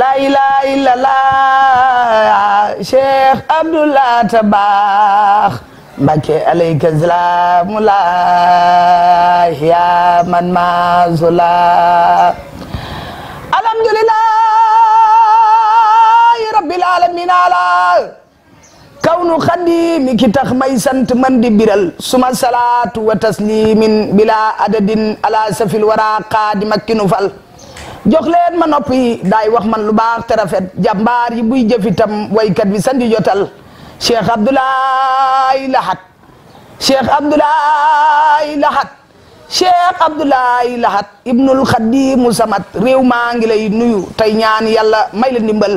la ilaha illallah Cheikh Abdoulaye Tabax Mbacke alayka salaamu laah yaa man maazula alhamdulillahi rabbil alamin ala kawnu xadimi ki tax may sant man di biral suma salaatu wa taslimin bila adadin ala safil wara qaadi makkinu fal jox leen ma noppi daay wax man lu baax te rafet jàmbaar yi buy jëf itam waykat bi sandi jotal Cheikh Abdoulaye Lahat Cheikh Abdoulaye Lahat Cheikh Abdoulaye Lahat Ibnul Xadimu Samad réew maa ngi lay nuyu tey ñaan yàlla may la ndimbal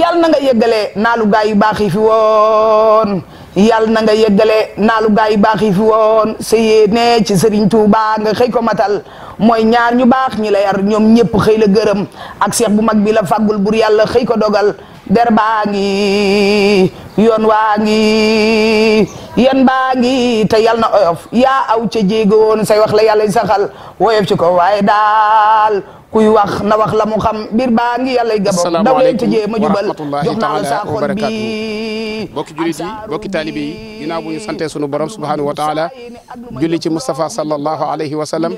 yàlla na nga yëggale naalu yu baax yi fi woon yàlla na nga yëggale naalu gaay yu baax yi fi woon sa yéene ci Sëriñ Tuubaa nga xëy ko matal mooy ñaar ñu baax ñi la yar ñoom ñëpp xëy la gërëm ak seex bu mag bii la fagul bur yàlla xëy ko dogal der baa ngi yoon waa ngi yan baa ngi te yal na oyof ya aw ca jéego woon say wax la yàlla saxal woyof ci waaye daal kuy wax na wax la mu xam mbir baa ngi yàlla gabog daw leen tijjee ma jubal jox naa la saa xol bi bokki jullit yi bokki taalibe yi ginnaaw bu ñu santee sunu borom subhanahu wa taala julli ci Moustapha sallallahu alayhi wa sallam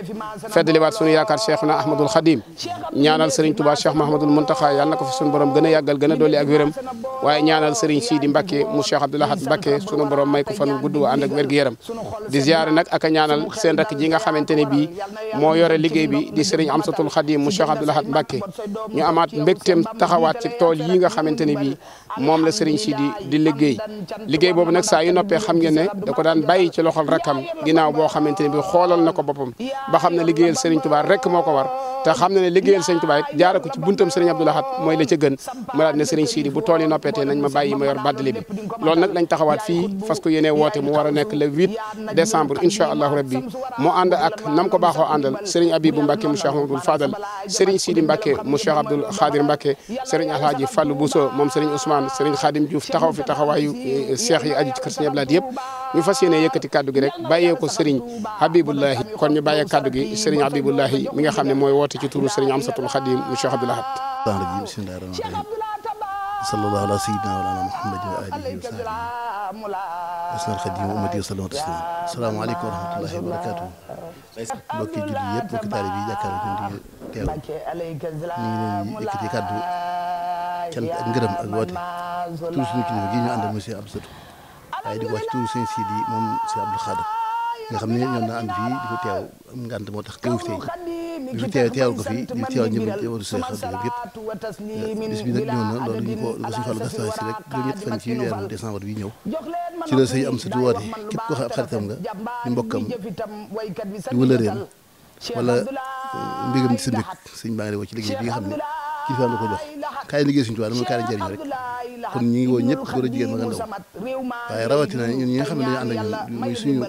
feddaliwaat sunu yaakaar Cheikhuna Ahmadul Khadim ñaanal Serigne Touba Cheikh Mahamadul Muntaxa yàlla na ko fi sunu borom gën a yàggal gën a dolli ak wéram waaye ñaanal Serigne Sidi Mbacke mu Cheikh Abdoul Ahad Mbacke sunu borom may ko fan gudd ànd ak wér-gu-yaram di ziare nag a ñaanal seen rakk ji nga xamante ne bi di Serigne Amsatul Khadim mu Cheikh Abdoul Ahad Mbacké ñu amaat mbégteem taxawaat ci tool yi nga xamante ne bii moom la Serigne si di di liggéey liggéey boobu nag saa yu noppee xam ngeen ne da ko daan bàyyi ci loxol rakkam ginnaaw boo xamante ne bii xoolal na ko boppam ba xam ne liggéeyal Serigne Touba rek moo ko war te xam na ne liggéeyal Serigne Touba rek jaara ko ci buntam Serigne Abdoul Ahad mooy la ca gën ma daal ne Serigne Sidi bu tool yi noppeetee nañ ma bàyyi ma yor baddali a nekk le 8 Serigne Sidi Mbacke mu Cheikh Abdoul Khadir Mbacke Serigne Alhaji Fallou Bousso moom Serigne Ousmane Serigne Khadim Diouf taxaw fi taxawaayu cheikh yi aju ci kër Serigne Abdoul Ahad fa ñu fas yéene yëkkati kaddu gi rek bàyyee ko Serigne Habibullahi kon ñu bàyyee kaddu gi Serigne Habibullahi mi nga xam ne mooy woote ci turu Serigne Amsatul Khadim mu Cheikh Abdoul Ahad. Bismillahir Rahmanir Rahim. Sallallahu ala sayyidina wa ala Muhammadin wa wa sahbihi asnal xadim umati wa salaatu wasalaam asalaamaaleykum wa rahmatullahi wa barakaatu mbokki julli yëpp mbokki taalib yi jàkkaarloo ñu ngi teew ñu ak ngërëm ak woote tur suñu kilifa gi ñu àndal monsieur Abdou Satou waaye di ko wax tur suñu sii di moom si Abdou Khadre nga xam ne ñoom naa ànd fii di ko teew am ngànt moo tax teew fi tey ñu teew teewal ko fii ñu teewal ñëpp teewal suñu xarit yëpp bis bi nag ñëw ci weeru décembre bi ñëw ci la sëñ képp ko xaritam nga ñu mbokkam di wëlëreem wala mbégam sa mbég sëñ baa bi nga xam ne ci fa la ko jox kaay liggéey suñu tubaab dama kaay njëriñu rek kon ñu ngi woo ñëpp góor a jigéen ma nga ndaw waaye rawatina ñun ñi xam ne dañu ànd ak ñun muy suñu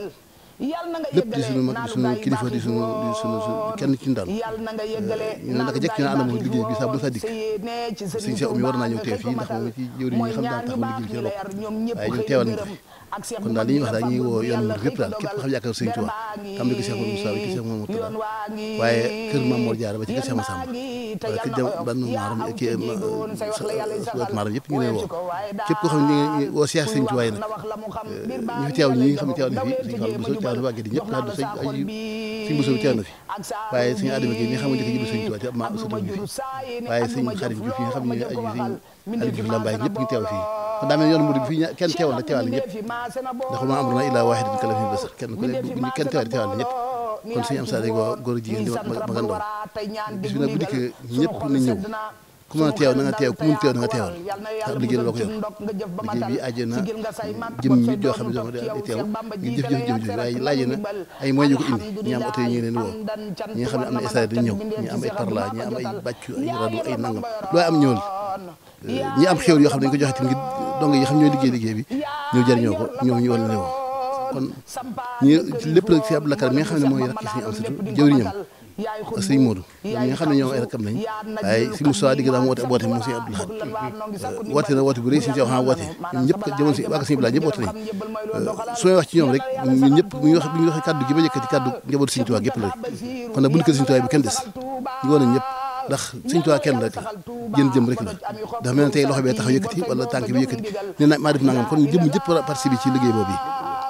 lépp di sunu mag di sunu kilifa di sunu di sunu kenn ci ndaan ñu ne naka jekk ci na anam liggéey bi saa bu saa dikk suñ see um yi war naa ñëw teew fii ndax moom ci jëwri ñi nga xam daan taxaw liggéey bi ci la bokk waaye ñun teewal nañ fi kon daal li ñuy wax daal ñuy woo yoon mu répp xam yaakaar sëñ Tuubaa xam ne ko Cheikh Moussa bi ki Cheikh Mamadou Talla waaye kër Mame Mor Diarra ba ci kër Cheikh Massamba ki jam ban maaram ki maaram yëpp ñu xam ne woo Cheikh fi teew ñi xam ne teew na fi Abdou Wagé di ñëpp laa def teew na fi waaye sëñ Adama Gueye mi nga xam ne njëkk a jël sëñ Tuubaa ci bi fi waaye sëñ Xadim Juuf fi nga xam ne aju sëñ Aliou Juuf Lambaye ñëpp ñu teew fii kon kon suñu am saa rek góor jigéen di mag a ndaw bis bi nag ku mën a teew na nga teew ku mën teew na nga teewal ndax liggéey loo ko liggéey bi àjjee na jëm mi ne dafa day jëf jëf jëf jëf waaye laajee na ay moyens yu ko indi ñëw am ay loo am yoo xam ne dañ ko joxe tamit ngir dong yi xam ñooy liggéey liggéey bi ñoo jëriñoo ko ñoom ñu wan leen woo kon ñu lépp la si Abdou Lakar mi nga xam ne mooy rakk suñu am surtout jëwriñam sëñ Modou ñoom ñi nga xam ne ñoo ay rakam lañ waaye sëñ Moussa di gën a am mu sëñ Abdou woote na woote bu rëy sëñ Cheikh wax ci ñoom rek la rek kon nag rek la dafa mel ne loxo bee taxaw yëkkati wala tànk bi yëkkati nee na maa def nangam ci liggéey boobu yi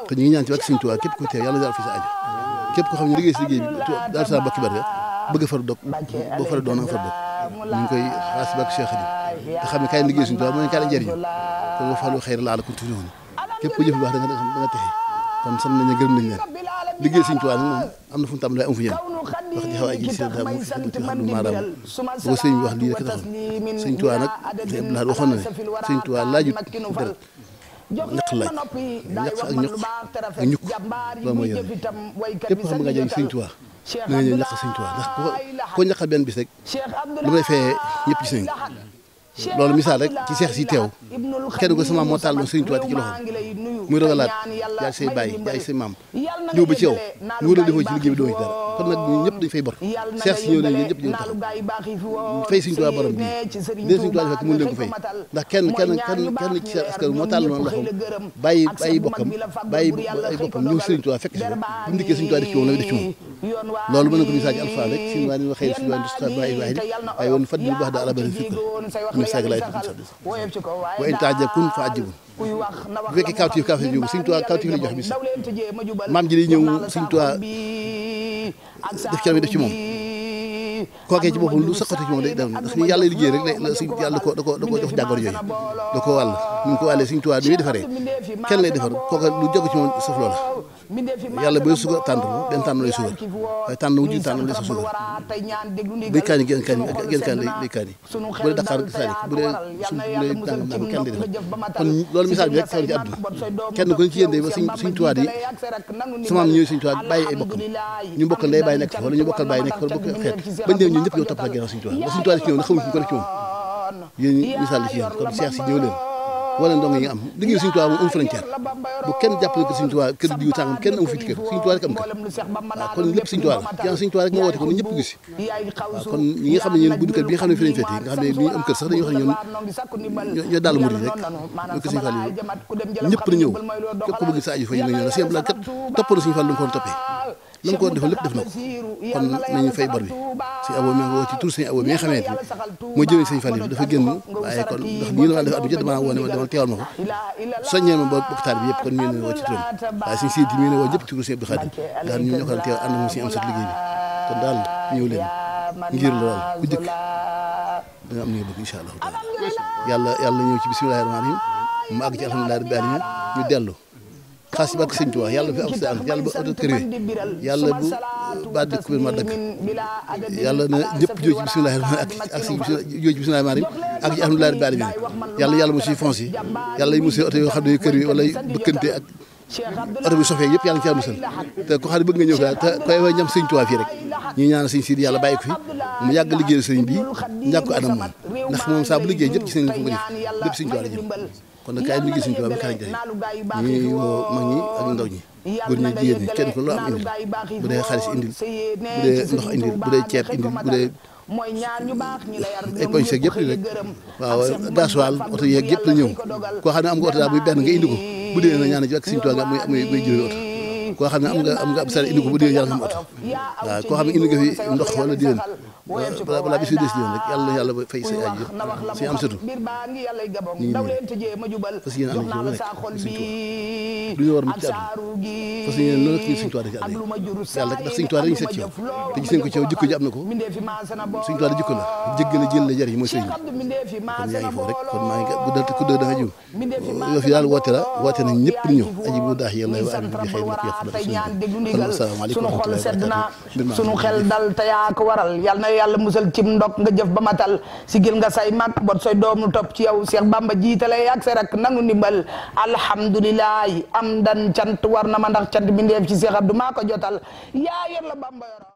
kon ñu ngi ñaan ci képp ko xam ne liggéey si liggéey bi daal saa bakki barke bëgg far dog boo fara doon nga far dog ñu ngi koy xaas bakk Cheikh Xadim te xam ne kaay liggéey suñu tubaab ko tuuti woon nag am na fu mu tàmbalee am fu yem wax ji xaw a ji si daa moom fi tuuti xam lu maanaam boo sëñ bi wax lii rek taxoon suñu tubaab nag Abdoulaye waxoon na ne suñu tubaab laajut deret ñax laaj ñax ak ñuq ak ñuq loolu mooy yoon képp xam nga jëm Sëriñ Tuubaa da nga ñëw ñax Sëriñ Tuubaa ndax ko ko ñaxal benn bis rek lu may feyee ñëpp gis nañ loolu misaal rek ci seex si teew kenn ko sama moo taal moom Sëriñ Tuubaa ci loxo muy rogalaat yaay say bàyyi yaay say maam ñëw ba ci yow mu wóor la defoo ci liggéey bi doo ci dara kon nag ñun ñëpp dañ fay bor seex si ñëw nañ ñun ñëw taxaw fay suñu Tuubaa borom bi dee suñu Tuubaa fekk mën leen ko fay ndax kenn kenn kenn kenn ci seen askan moo tàll noonu loxoom bàyyi bokkam bàyyi ay boppam ñëw Sëriñ fekk si bu ndikkee Sëriñ Tuubaa def ci moom la def ci moom loolu mën na ko misaal ci rek si waa ni waxee si waa ba ay waahid waaye woon fadlu da ala bari fikr am misaal laay tudd sax wa in taajab kun fa ajibun bu fekkee kawtif kawtif jógu Sëñ Tuubaa kawtif la jox misaal maam ji day ñëw Sëñ Tuubaa def ci def ci moom kookee ci boppam lu saqatu ci moom day dem ndax yàlla liggéey rek la Sëñ yàlla da ko da ko jox jàngoor yooyu da ñu ngi ko àllee suñu tubaab bi muy defaree kenn lay defar kooka lu jóg ci moom loola yàlla bay suga tànn benn tànn lay sugal waaye tànn wu ji tànn lay sa sugal yi génn kaan yi génn kaan yi bu dee Dakar saa yi bu dee suñ bu dee tànn kon ci àdduna kenn ku ne ci yéen ba suñ suñ tubaab yi sama am bokkam ñu bokkal nekk fa wala ñu bokkal bàyyi nekk fa bokk xeet bañ ñëw ñun ñëpp yow topp la ginnaaw suñ tubaab ba suñ tubaab na xamuñ ko def ci moom yéen misaal la ci kon seex si ñëw wala ndongo yi nga am liggéey Sëriñ Tuubaa moom amul frontière bu kenn jàpp ne que Sëriñ Tuubaa kër diw tàngam kenn amu fi kër Sëriñ Tuubaa rek am kër waaw kon ñëpp Sëriñ Tuubaa la yaa ko sax dañuy na ñëw fa ñu ñëw na toppee la mu ko defal lépp def na ko kon nañu fay bor bi suñu abo mi nga ci tur suñu abo mi nga xamante ni moo jëwee sëñ Fallou dafa génn waaye kon ndax nii la ma def at bu jot damaa woo ne ma demal teewal ma ko soññee ma bokk taal bi yëpp kon ñu ne woo ci turam waaye suñu siit yi ñu ne woo ñëpp ci tur suñu Abdou Khadim nga xam ñoo ko teewal ànd moom suñu am sot liggéey bi kon daal ñëw leen jëkk da nga am li nga bëgg incha allahu taala yàlla yàlla ci bismillahi rahmaani rahim mu àgg ci alhamdulilahi rabbil alamin ñu dellu xas si barke sëñ Tuubaa yàlla bu fi am séance yàlla bu oto tëree yàlla bu baat dëkk bi ma dëkk yàlla na ñëpp jóge ak ak si jóge ci bisimilah maanaam ak ci alhamdulilah yàlla yàlla mos si fonce yi yàlla yi mos oto yoo xam ne kër yi wala bëkkante ak oto bi sofee yëpp yàlla na ci te ko xam ne bëgg nga ñëw fi te koy way ñam sëñ Tuubaa fii rek ñu ñaan sëñ Sidi yàlla bàyyi ko fi mu yàgg liggéeyal sëñ bi ñàkk ko anam moom ndax moom saa bu liggéey ñëpp ci sëñ fu ko def lépp sëñ Tuubaa la kon nag kaay bi gis ñu tubaab bi kaay jaay ñuy ndaw ñi góor jigéen ñi kenn ku bu dee xaalis indi bu dee ndox indil bu dee ceeb indil bu dee ay poñ seeg yëpp di rek waaw gasoil oto yeeg yëpp la ñëw koo xam ne am nga oto daal muy benn nga indi ko bu dee na ñaan ci ak Sëriñ Tuubaa nga koo xam ne am nga am nga ab sare indi ko bu dee yàlla nga waaw koo xam ne indi ndox wala déwén balaa bis bi des yoon rek si am surtout biir baa ngi yàllay gabon daw leen tëjee ma jubal jikko ji na ko suñu jikko la jégg na jël la jariñ mooy sëñ bi foofu rek kon maa ngi ku dal ku dëgg da nga jiw fi daal woote la woote nañ ñëw aji bu daax yàlla wa a bi xëy na ko yàq la suñu yàlla musal cim ndok nga jëf ba matal sigil nga say mag bot sooy doomu topp ci yow Cheikh Bamba jiitale ak sa rak nangu ndimbal alhamdulilahi am dan cant war na ma ndax cant bi ndeef ci Cheikh Abdou maa ko jotal yaa yor la Bamba yoro